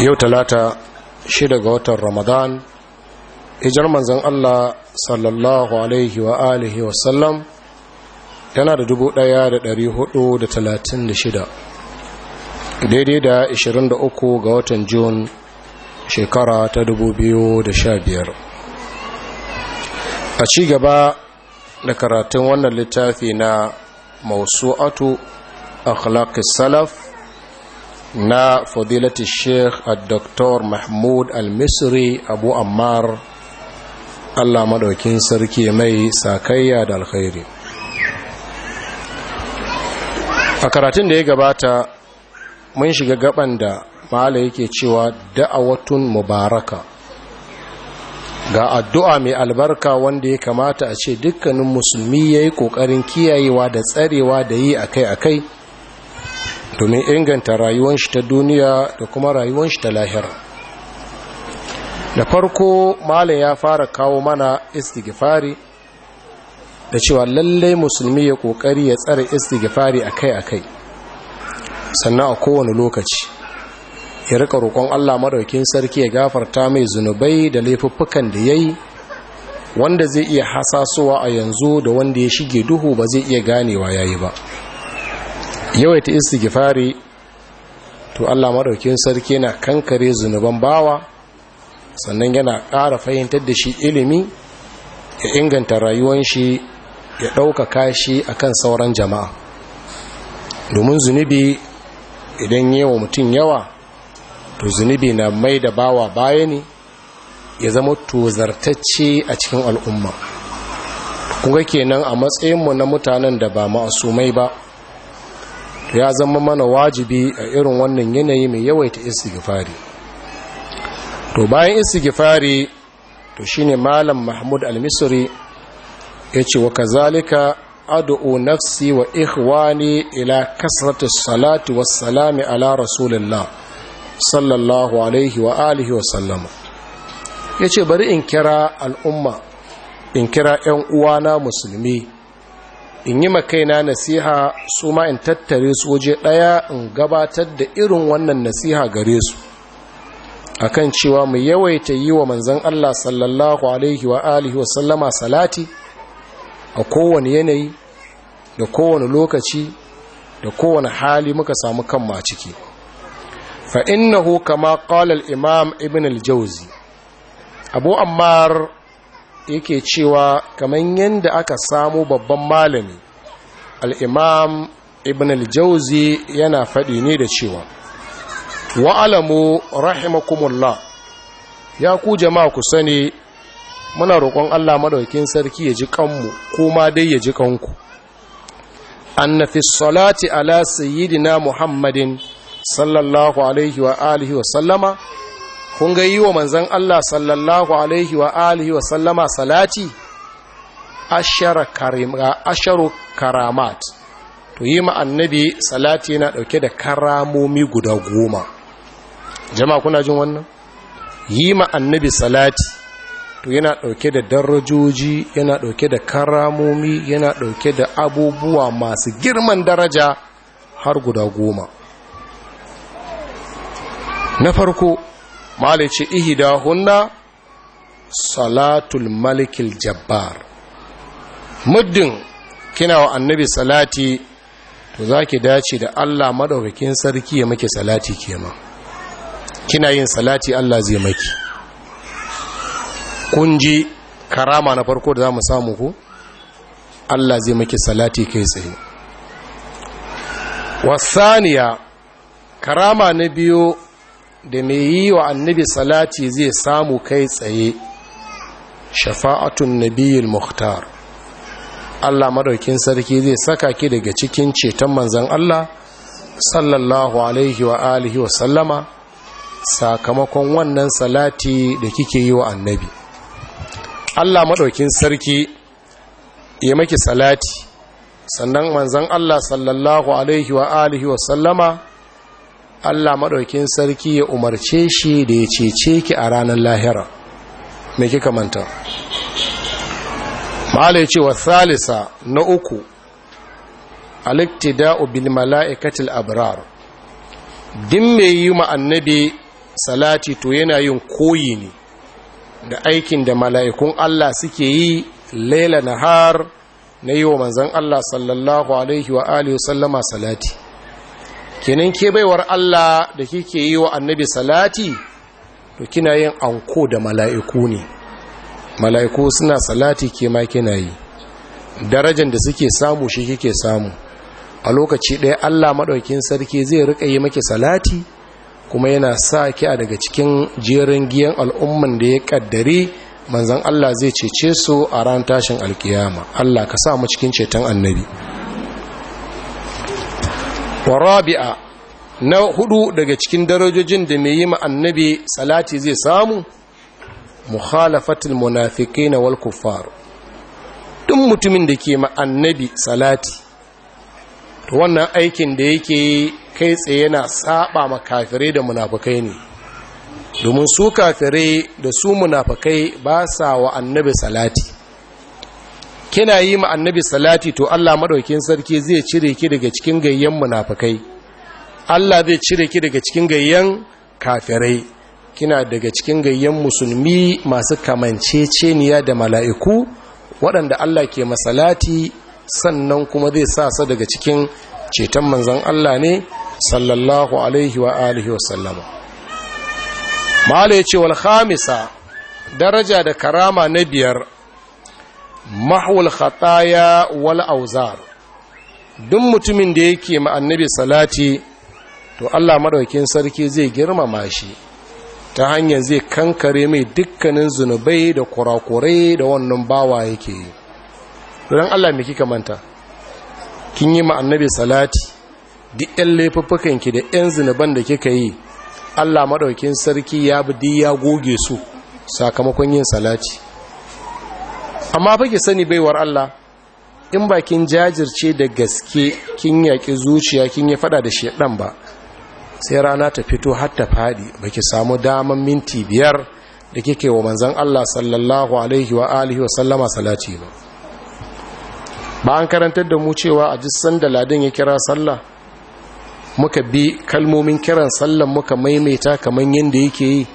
yau talata shida ga watan ramadan ijar manzan allah sallallahu alaihi wa alihi wasallam yana da talatin da shida, daidai da da uku ga watan jun shekara ta dubu biyu da sha biyar. a cigaba da karatun wannan littafi na mausu'atu akhlaqis salaf na fadilati sheikh dr mahmud al-misri abu ammar allah maɗaukin sarki mai sakayya da alkhairi a karatun da ya gabata mun shiga gaban da mala yake cewa da'awatun mubaraka ga addu'a mai albarka wanda ya kamata a ce dukkanin musulmi ya yi ƙoƙarin kiyayewa da tsarewa da yi akai-akai domin inganta rayuwar shi ta duniya da kuma rayuwar shi ta lahira da farko malam ya fara kawo mana istighfari da cewa lallai musulmi ya kokari ya tsare istighfari akai-akai sannan a kowane lokaci ya rika roƙon Allah madaukin sarki ya gafarta mai zunubai da laifuffukan da yayi wanda zai iya hasasowa a yanzu da wanda ya shige duhu ba zai iya ganewa yayi ba yawaita istighfari to Allah maɗaukin sarki yana kankare zunuban bawa sannan yana ƙara fahimtar da shi ilimi ya inganta rayuwar shi ya ɗaukaka shi akan sauran jama'a domin zunubi idan yawa mutum yawa to zunubi na mai da bawa baya ne ya zama tozartacce a cikin al'umma kuma kenan a matsayinmu na mutanen da ba ma'asumai ba to ya zama mana wajibi a irin wannan yanayi mai yawaita istighfari to bayan istighfari to shine malam mahmud al-misri yace wa kazalika ad'u nafsi wa ikhwani ila kasrati salati was salami ala rasulillah sallallahu alaihi wa alihi wa sallama yace bari in kira al'umma in kira 'yan uwana musulmi in yi makaina nasiha su ma in tattare su waje ɗaya in gabatar da irin wannan nasiha gare su A kan cewa mu yawaita yi wa manzan Allah sallallahu alaihi wa alihi wa sallama salati a kowane yanayi da kowane lokaci da kowane hali muka samu kan ma ciki fa innahu kama qala imam ibn al jauzi abu ammar yake cewa kamar yadda aka samu babban malami al'imam ibn al-jauzi yana faɗi ne da cewa wa'alamu rahimakumullah ya ku jama'a ku sani muna roƙon Allah maɗaukin sarki ya ji kanmu kuma dai ya ji kanku fi salati ala sayyidina muhammadin sallallahu alaihi wa alihi wa sallama kun ga yi wa manzan Allah sallallahu alaihi wa alihi wa sallama salati asharu karamat to yi ma salati yana dauke da karamomi guda goma jama'a kuna jin wannan yi ma annabi salati to yana dauke da darajoji yana dauke da karamomi yana dauke da abubuwa masu girman daraja har guda goma na farko malice ihida hunna salatul malikil jabbar muddin kina wa annabi salati to za ki dace da allah maɗaukakin sarki ya make salati kenan kina yin salati allah zai maki kun karama na farko da za mu samu ku allah zai maki salati kai tsaye wasaniya karama na biyo. da mai yi wa annabi salati zai samu kai tsaye shafa'atun nabiyul muhtar Allah madaukin sarki zai saka ki daga cikin ceton manzon Allah sallallahu alaihi wa alihi wa sallama sakamakon wannan salati da kike yi wa annabi Allah madaukin sarki ya maki salati sannan manzon Allah sallallahu alaihi wa alihi wa sallama Allah maɗaukin sarki ya umarce shi da ya cece ki a ranar lahira me kika manta mala ce wa Salisa na uku aliktida'u bil mala'ikatil abrar din mai yi ma annabi salati to yana yin koyi ne da aikin da mala'ikun Allah suke yi laila nahar na yi wa manzan Allah sallallahu alaihi wa alihi sallama salati kenan ke baiwar Allah da kike yi wa annabi salati to kina yin anko da mala'iku ne mala'iku suna salati ke ma kina yi darajar da suke samu shi kike samu a lokaci ɗaya Allah maɗaukin sarki zai riƙa yi maki salati kuma yana sa ki a daga cikin jerin giyan al'umman da ya ƙaddare manzan Allah zai cece su a ran tashin alkiyama Allah ka sa mu cikin ceton annabi wa na hudu daga cikin darajojin da mai yi ma salati zai samu mukhalafatul munafiqin na walkufaru, duk mutumin da ke ma'annabi salati ta wannan aikin da yake kai tsaye yana saba ma da munafikai ne domin su kafirai da su munafikai ba sa wa annabi salati kina yi ma annabi salati to Allah madaukin sarki zai cire ki daga cikin gayyan munafikai Allah zai cire ki daga cikin gayyan kafirai kina daga cikin gayyan musulmi masu kamanceceniya da mala'iku waɗanda Allah ke masalati sannan kuma zai sa sa daga cikin ceton manzon Allah ne sallallahu alaihi wa alihi wa sallama mala yace wal khamisa daraja da karama na biyar mahwal khataya wal auzar duk mutumin da yake ma annabi salati to Allah madaukakin sarki zai girmama shi ta hanyar zai kankare mai dukkanin zunubai da kurakurai da wannan bawa yake yi don Allah me kika manta kin yi ma annabi salati duk laifuffukan ki da yan zunuban da kika yi Allah madaukakin sarki ya bi ya goge su sakamakon yin salati amma fa sani baiwar Allah in ba kin jajirce da gaske kin yaƙi zuciya kin yi fada da shedan ba sai rana ta fito har ta fadi baki samu daman minti biyar da kike wa manzon Allah sallallahu alaihi wa alihi wa sallama salati ba ba an karantar da mu cewa a jissan da ladin ya kira sallah muka bi kalmomin kiran sallan muka maimaita kaman yanda yake yi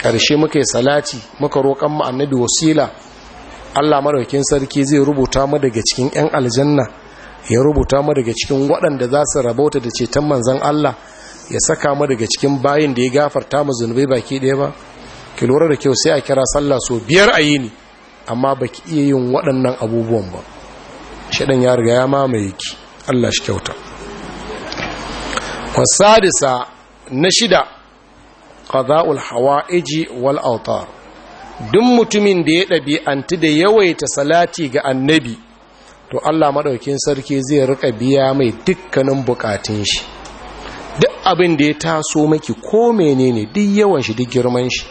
ƙarshe muka yi salati muka roƙon mu annabi wasila Allah maraukin sarki zai rubuta mu daga cikin 'yan aljanna ya rubuta mu daga cikin waɗanda za su rabauta da ceton manzon Allah ya saka mu daga cikin bayin da ya gafarta mu zunubai baki ɗaya ba ki lura da kyau sai a kira sallah so biyar a yi ni. amma baki iya yin waɗannan abubuwan ba shaɗan ya riga ya mamaye ki Allah shi kyauta wasadisa na shida qada'ul hawa'iji wal autar duk mutumin da ya ɗabi'antu da yawaita salati ga annabi to Allah maɗaukin sarki zai riƙa biya mai dukkanin bukatun shi duk abin da ya taso maki ko menene duk yawan shi duk girman shi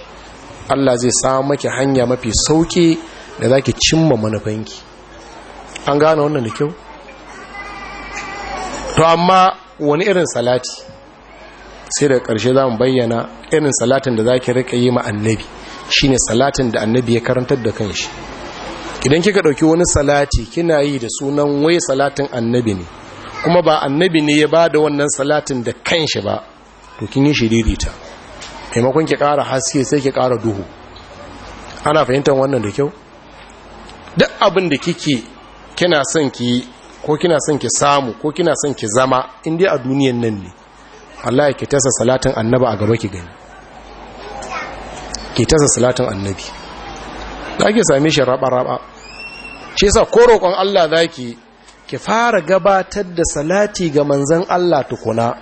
Allah zai samu maki hanya mafi sauƙi da zaki cimma manufanki an gane wannan da kyau to amma wani irin salati sai da ƙarshe za mu bayyana irin salatin da za ki riƙa yi ma annabi shine salatin da annabi ya karantar da kanshi idan kika dauki wani salati kina yi da sunan wai salatin annabi ne kuma ba annabi ne ya ba da wannan salatin da kanshi ba to kin yi shiririta maimakon ki kara haske sai ki kara duhu ana fahimtar wannan da kyau duk abin da kike kina son ki ko kina son ki samu ko kina son ki zama indai a duniyan nan ne Allah ya ki tasa salatin annaba a gaba ki gani ke tasa salatin annabi za ki same shi raba-raba shi yasa ko roƙon Allah za ki ki fara gabatar da salati ga manzan Allah tukuna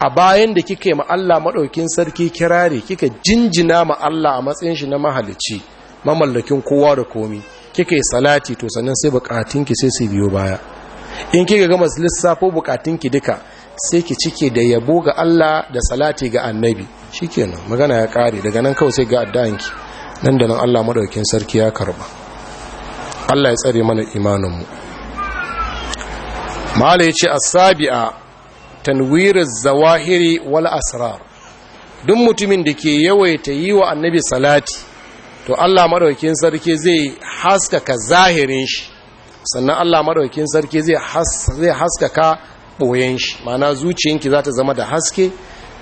a bayan da kike ma Allah maɗaukin sarki kirare kika jinjina ma Allah a matsayin shi na mahalicci, mamallakin kowa da komi kika yi salati to sannan sai bukatunki sai su biyo baya in kika gama lissafo bukatunki duka sai ki cike da yabo ga Allah da salati ga annabi kenan magana ya kare daga nan kawai sai ga addu'anki nan da nan Allah maɗaukin sarki ya karba Allah ya tsare mana imaninmu mala yace asabi'a sabia tanwir zawahiri wal asrar duk mutumin da ke yawaita yi wa annabi salati to Allah maɗaukin sarki zai haskaka zahirin shi sannan Allah maɗaukin sarki zai haskaka boyen shi ma'ana zuciyanki za ta zama da haske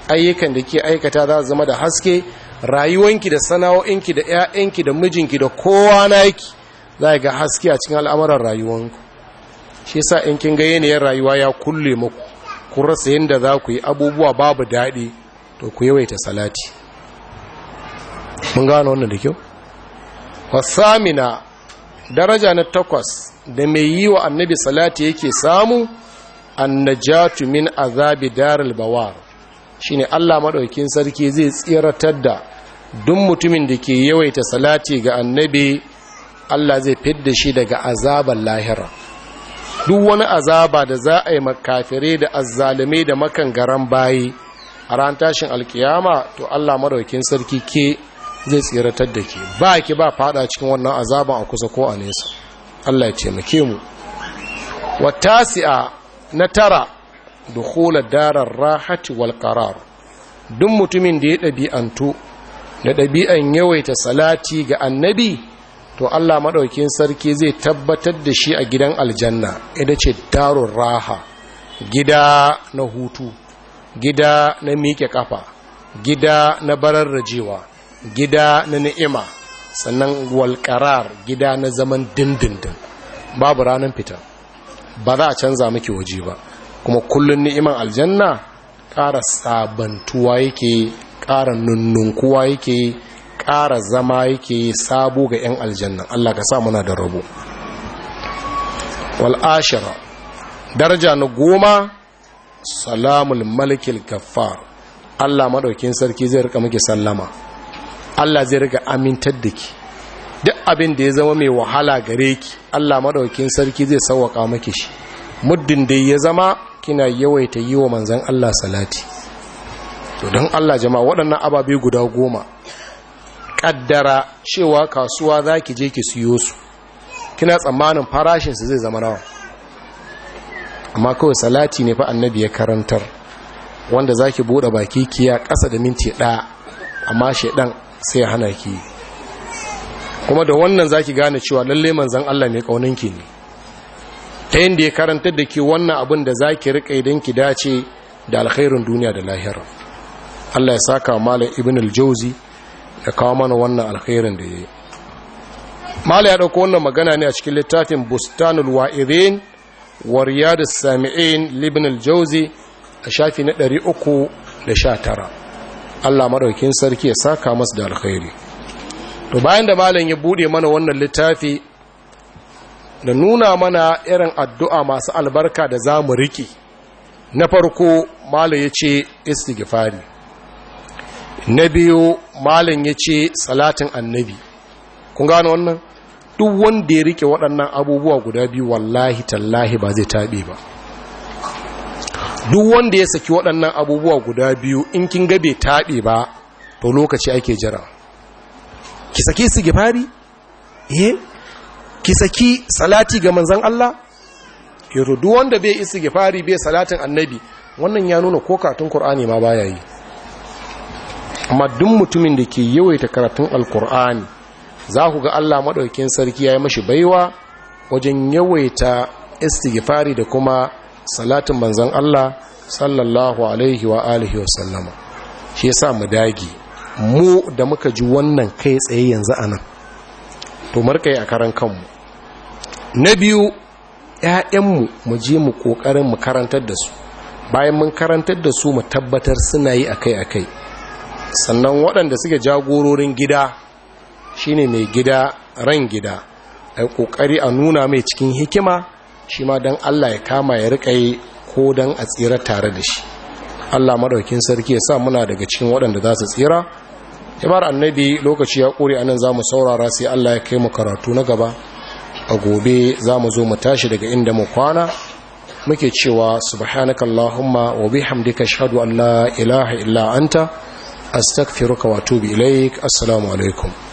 ayyukan da ke aikata za zama da haske rayuwanki da sana'o'inki da 'ya'yanki da mijinki da kowa naki za ga haske a cikin al'amuran rayuwanku shi sa in kin ga yanayin rayuwa ya kulle muku ku rasa yadda za ku yi abubuwa babu daɗi to ku yawaita salati mun gano wannan da kyau wasamina daraja na takwas da mai yi wa annabi salati yake samu annajatu min azabi daril bawar ne Allah maɗaukin sarki zai tsiratar da duk mutumin da ke yawaita salati ga annabi Allah zai fidda shi daga azabar lahira duk wani azaba da za a yi makafire da azzalime da makangaran bayi a ran tashin alkiyama to Allah maɗaukin sarki ke zai tsiratar da ke ba ki ba fada cikin wannan azaban a kusa ko a nesa Allah ya ce mu ke mu watasi'a na tara dukhula darar rahati walƙarar, duk mutumin da ya ɗabi'antu da ɗabi'an yawaita salati ga annabi to Allah maɗaukin sarki zai tabbatar da shi a gidan aljanna ita ce darun raha gida na hutu gida na miƙe ƙafa gida na bararrajewa gida na ni'ima sannan walƙarar gida na zaman dindindin babu ranar fita ba za a canza miki waje ba kuma kullun ni'iman aljanna ƙara sabantuwa yake ƙara nunnunkuwa yake ƙara zama yake sabo ga 'yan aljanna Allah ka sa muna da rabo Wal'ashira daraja na goma salamul malikil gaffar Allah madaukin sarki zai rika muke sallama Allah zai rika amintar da ki duk abin da ya zama mai wahala gare ki Allah madaukin sarki zai sauwaƙa miki shi muddin dai ya zama kina yawaita yi wa manzan Allah salati to don Allah jama'a waɗannan ababe guda goma ƙaddara cewa kasuwa za ki je ki siyo su kina tsammanin farashinsu zai zama rawa amma kawai salati ne fa annabi ya karantar wanda za ki buɗe baki kiya ƙasa da minti ɗaya amma shaidan sai hana ki kuma da wannan za ki gane cewa lalle manzan Allah mai ki ne ta yadda ya karanta da ke wannan abin da za ki riƙa idan ki dace da alkhairin duniya da lahira Allah ya saka malam ibn al-jauzi ya kawo mana wannan alkhairin da ya yi malam ya ɗauko wannan magana ne a cikin littafin bustanul wa'irin Wariya da sami'in libn al-jauzi a shafi na 319 Allah maɗaukin sarki ya saka masu da alkhairi to bayan da malam ya buɗe mana wannan littafi da nuna mana irin addu'a masu albarka da za mu riƙe na farko malin ya ce istighfari na biyu malin ya ce salatin annabi kun gano wannan duk wanda ya riƙe waɗannan abubuwa guda biyu wallahi tallahi ba zai taɓe ba duk wanda ya saki waɗannan abubuwa guda biyu in kin ga bai taɓe ba to lokaci ake jira ki saki su gifari eh ki saki salati ga manzan Allah ki rudu wanda bai fari bai salatin annabi wannan ya nuna ko katun Kur'ani ma baya yi amma duk mutumin da ke yawaita karatun alkur'ani za ku ga Allah maɗaukin sarki ya yi mashi baiwa wajen yawaita istighfari da kuma salatin manzan Allah sallallahu alaihi wa alihi wa sallama shi yasa mu dage mu da muka ji wannan kai tsaye yanzu anan to kai a karan kanmu na biyu ‘ya'yanmu mu je mu ƙoƙarin mu karantar da su bayan mun karantar da su mu tabbatar suna yi akai-akai sannan waɗanda suke jagororin gida shine mai gida ran gida a ƙoƙari a nuna mai cikin hikima shi ma don allah ya kama ya riƙa yi ko don a tsira tare da shi allah maɗaukin sarki ya sa muna daga cikin waɗanda za su tsira ya bar annabi lokaci ya ƙure anan za mu saurara sai allah ya kai mu karatu na gaba a gobe za mu zo mu tashi daga inda mu kwana muke cewa subhanakallahumma wa bihamdika ashhadu an la ilaha illa anta astaghfiruka wa atubu ilaik assalamu alaikum